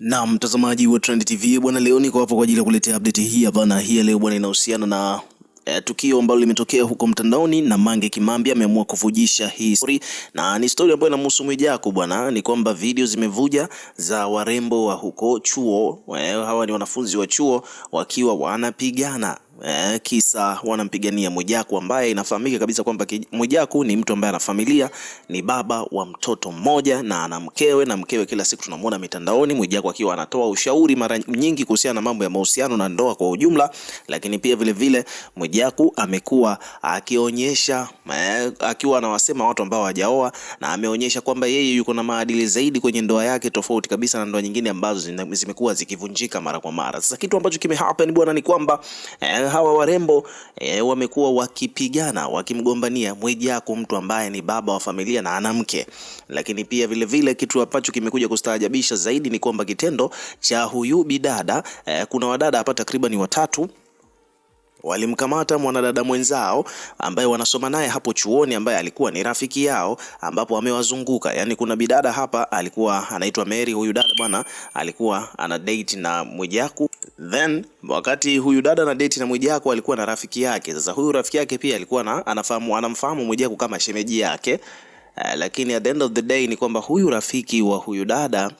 Na mtazamaji wa Trend TV bwana, leo niko hapo kwa ajili ya kuletea update hii hapa, na hii leo bwana inahusiana na eh, tukio ambalo limetokea huko mtandaoni na Mange Kimambi ameamua kuvujisha hii story, na ni story ambayo inamhusu Mwijaku bwana. Ni kwamba video zimevuja za warembo wa huko chuo, eh, hawa ni wanafunzi wa chuo wakiwa wanapigana eh, kisa wanampigania Mwijaku ambaye inafahamika kabisa kwamba Mwijaku ni mtu ambaye ana familia, ni baba wa mtoto mmoja na ana mkewe, na mkewe kila siku tunamwona mitandaoni Mwijaku akiwa anatoa ushauri mara nyingi kuhusiana na mambo ya mahusiano na ndoa kwa ujumla, lakini pia vile vile Mwijaku amekuwa akionyesha eh, akiwa anawasema watu ambao hawajaoa na ameonyesha kwamba yeye yuko na maadili zaidi kwenye ndoa yake tofauti kabisa na ndoa nyingine ambazo zimekuwa zikivunjika mara kwa mara. Sasa kitu ambacho kimehappen bwana ni kwamba eh, hawa warembo e, wamekuwa wakipigana wakimgombania Mwijaku, mtu ambaye ni baba wa familia na ana mke. Lakini pia vilevile vile kitu ambacho kimekuja kustaajabisha zaidi ni kwamba kitendo cha huyu bidada e, kuna wadada hapa takriban watatu walimkamata mwanadada mwenzao ambaye wanasoma naye hapo chuoni ambaye alikuwa ni rafiki yao, ambapo amewazunguka. Yani, kuna bidada hapa alikuwa anaitwa Mary, huyu dada bwana alikuwa ana date na Mwijaku. Then wakati huyu dada na date na Mwijaku alikuwa na rafiki yake. Sasa huyu rafiki yake pia alikuwa na anafahamu anamfahamu Mwijaku kama shemeji yake. Uh, lakini at the end of the day ni kwamba huyu rafiki wa huyu dada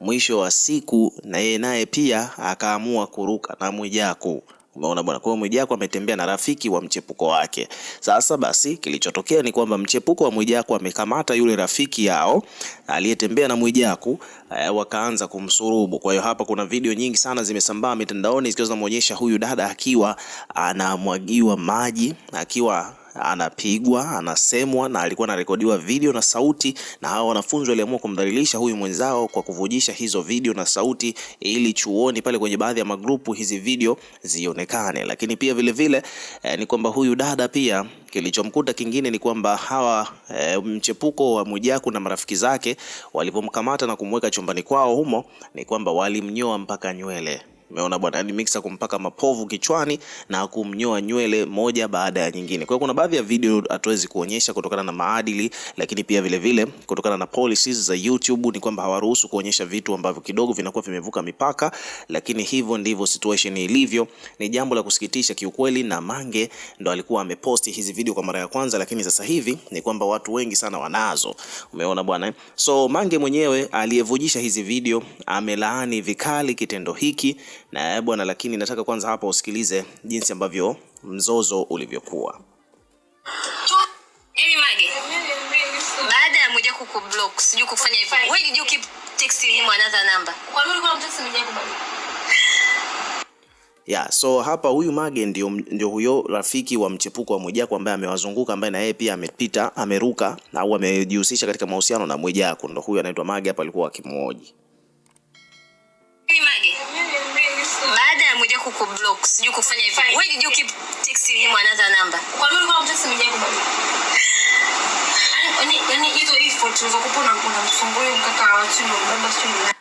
mwisho wa siku na yeye naye pia akaamua kuruka na Mwijaku. Umeona bwana, kwa hiyo Mwijaku ametembea na rafiki wa mchepuko wake. Sasa basi kilichotokea ni kwamba mchepuko wa Mwijaku amekamata yule rafiki yao aliyetembea na Mwijaku eh, wakaanza kumsurubu. Kwa hiyo hapa kuna video nyingi sana zimesambaa mitandaoni zikiwa zinamuonyesha huyu dada akiwa anamwagiwa maji akiwa anapigwa, anasemwa na alikuwa anarekodiwa video na sauti, na hawa wanafunzi waliamua kumdhalilisha huyu mwenzao kwa kuvujisha hizo video na sauti ili chuoni pale kwenye baadhi ya magrupu hizi video zionekane. Lakini pia vile vile eh, ni kwamba huyu dada pia kilichomkuta kingine ni kwamba hawa e, mchepuko wa Mwijaku na marafiki zake walipomkamata na kumweka chumbani kwao humo, ni kwamba walimnyoa mpaka nywele. Umeona bwana, yani mixer kumpaka mapovu kichwani na kumnyoa nywele moja baada ya nyingine. Kwa hiyo kuna baadhi ya video hatuwezi kuonyesha kutokana na maadili, lakini pia vile vile kutokana na policies za YouTube ni kwamba hawaruhusu kuonyesha vitu ambavyo kidogo vinakuwa vimevuka mipaka, lakini hivyo ndivyo situation ilivyo. Ni jambo la kusikitisha kiukweli, na Mange ndo alikuwa ameposti hizi video kwa mara ya kwanza, lakini sasa hivi ni kwamba watu wengi sana wanazo. Umeona bwana, eh? so Mange mwenyewe aliyevujisha hizi video amelaani vikali kitendo hiki na eh, bwana, lakini nataka kwanza hapa usikilize jinsi ambavyo mzozo ulivyokuwa. Baada ya sijui kufanya hivyo. keep texting him another number? Kwa nini Yeah, so hapa huyu Mage ndio, ndio huyo rafiki wa mchepuko wa Mwijaku ambaye amewazunguka ambaye na yeye pia amepita ameruka au amejihusisha katika mahusiano na Mwijaku, ndio huyu anaitwa Mage hapa alikuwa akimwoji kukublock, sijui kufanya hivyo. Why did you keep texting him another number? Kwa nini ulikuwa unamtext mjane kumwambia? Yaani hizo hizo tulivyokupa unamsumbua mkaka wa chini baba sio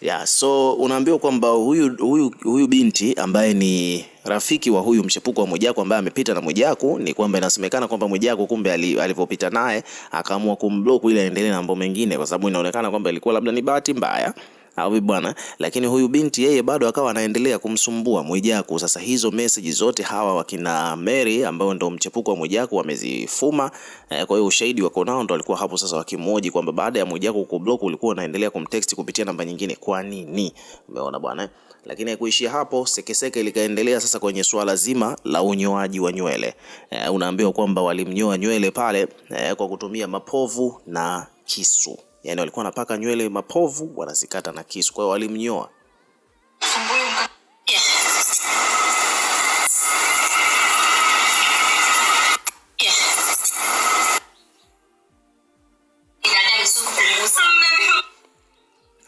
Yeah, so unaambiwa kwamba huyu, huyu, huyu binti ambaye ni rafiki wa huyu mchepuko wa Mwijaku ambaye amepita na Mwijaku, ni kwamba inasemekana kwamba Mwijaku kumbe alivyopita naye akaamua kumblock ili aendelee na mambo mengine, kwa sababu inaonekana kwamba ilikuwa labda ni bahati mbaya au bwana. Lakini huyu binti yeye bado akawa anaendelea kumsumbua Mwijaku. Sasa hizo message zote hawa wakina Mary ambao ndio mchepuko wa Mwijaku wamezifuma. Eh, kwa hiyo ushahidi wako nao ndio alikuwa hapo sasa wakimoji kwamba baada ya Mwijaku kublock ulikuwa unaendelea kumtext kupitia namba nyingine. Kwa nini? Umeona bwana. Eh? Lakini haikuishia hapo, sekeseke likaendelea sasa kwenye swala zima la unyoaji wa nywele. Eh, unaambiwa kwamba walimnyoa nywele pale eh, kwa kutumia mapovu na kisu yani walikuwa wanapaka nywele mapovu wanazikata na kisu, kwa hiyo walimnyoa.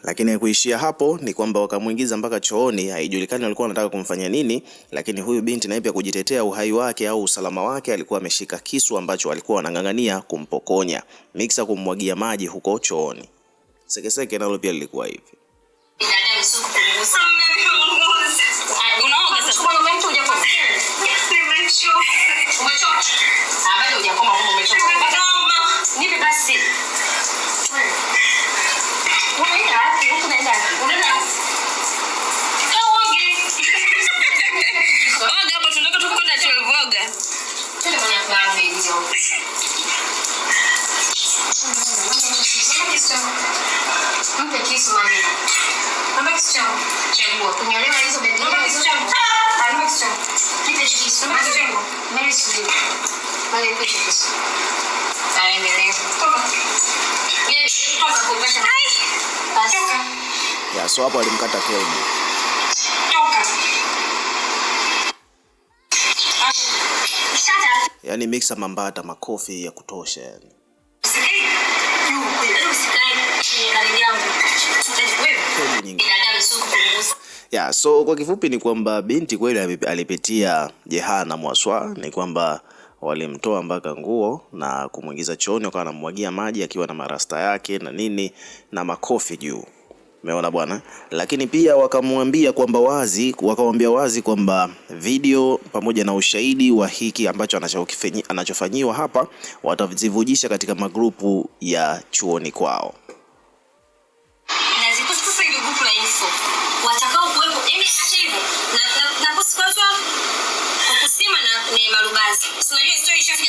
lakini kuishia hapo, ni kwamba wakamuingiza mpaka chooni. Haijulikani walikuwa wanataka kumfanya nini, lakini huyu binti naye pia kujitetea uhai wake au usalama wake alikuwa ameshika kisu ambacho alikuwa wanang'ang'ania kumpokonya Miksa, kummwagia maji huko chooni. Sekeseke nalo pia lilikuwa hivi Shika kisu. Mpe kisu mali. Mpe kisu changu. Chagua. Kunyolewa hizo bedi. Mpe kisu changu. Mpe kisu changu. Kipe kisu. Mpe kisu changu. Mpe kisu changu. Mpe kisu kisu. Aendelee. Toka. Yeye toka kupasha. Basi. Ya, so hapo alimkata kelmo. Yaani mixa mambata makofi ya kutosha yani. Yeah, so kwa kifupi ni kwamba binti kweli alipitia jehana mwaswa, ni kwamba walimtoa mpaka nguo na kumwingiza chooni, wakawa anamwagia maji akiwa na marasta yake na nini na makofi juu. Umeona bwana, lakini pia wakamwambia kwamba wazi, wakamwambia wazi kwamba video pamoja na ushahidi wa hiki ambacho anachofanyiwa hapa watazivujisha katika magrupu ya chuoni kwao. Neema yaani Lubazi. Unajua story ishafika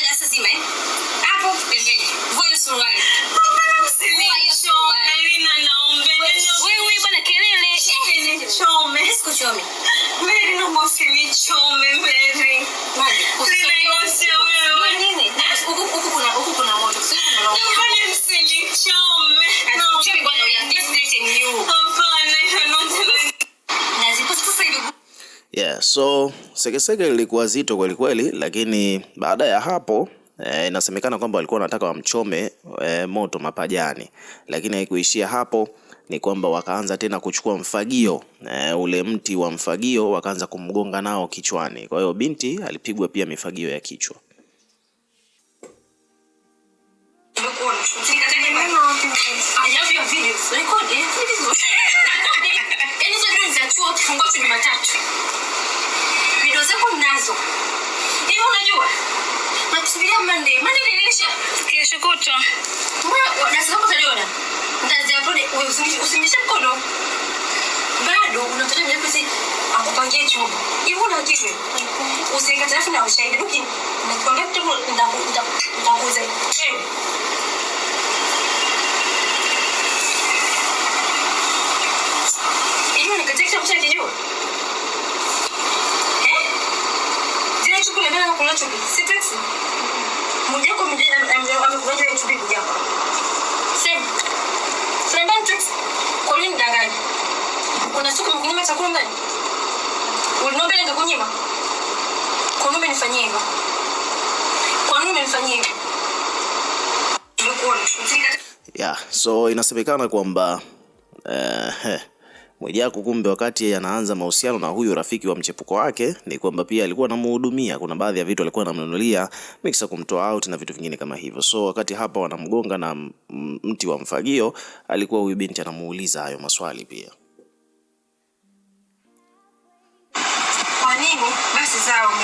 sini chome Mary. Yeah, so sekeseke ilikuwa zito kweli kweli, lakini baada ya hapo E, inasemekana kwamba walikuwa wanataka wamchome e, moto mapajani, lakini haikuishia hapo ni kwamba wakaanza tena kuchukua mfagio e, ule mti wa mfagio wakaanza kumgonga nao kichwani. Kwa hiyo binti alipigwa pia mifagio ya kichwa. usingishe mkono bado unatoka mjapesi akupangie chuma hivyo unaagize usikatarafu na ushahidi duki nakwambia kitabu nitakuza chini hivyo nikatia kitabu cha kijua zile chuku na mbele na kuna chuki si teksi mmoja wako amekuja chuki kuja kuna siku mkunyima chakula ndani ulinombe ningekunyima kwa nini umenifanyia hivyo kwa nini umenifanyia hivyo yeah so inasemekana kwamba uh, eh, eh, Mwijaku kumbe wakati anaanza mahusiano na huyu rafiki wa mchepuko wake ni kwamba pia alikuwa anamhudumia. Kuna baadhi ya vitu alikuwa anamnunulia mixer kumtoa out na vitu vingine kama hivyo. So wakati hapa wanamgonga na mti wa mfagio, alikuwa huyu binti anamuuliza hayo maswali pia.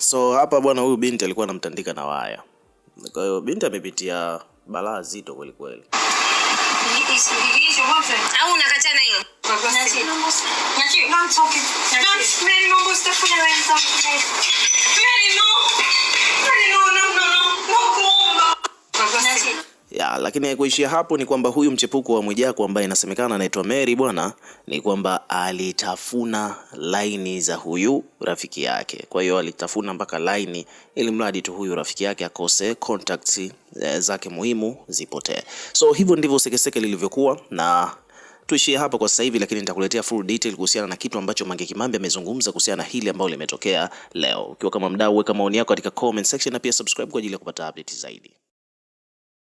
So hapa bwana, huyu binti alikuwa anamtandika na waya, kwa hiyo binti amepitia balaa zito kweli kweli. lakini haikuishia hapo, ni kwamba huyu mchepuko wa Mwijaku ambaye inasemekana anaitwa Mary bwana, ni kwamba alitafuna laini za huyu rafiki yake. Kwa hiyo alitafuna mpaka laini, ili mradi tu huyu rafiki yake akose contacts eh, zake muhimu zipotee. So hivyo ndivyo sekeseke lilivyokuwa na tuishie hapa kwa sasa hivi, lakini nitakuletea full detail kuhusiana na kitu ambacho Mange Kimambi amezungumza kuhusiana na hili ambalo limetokea leo. Ukiwa kama mdau, weka maoni yako katika comment section na pia subscribe kwa ajili ya kupata update zaidi.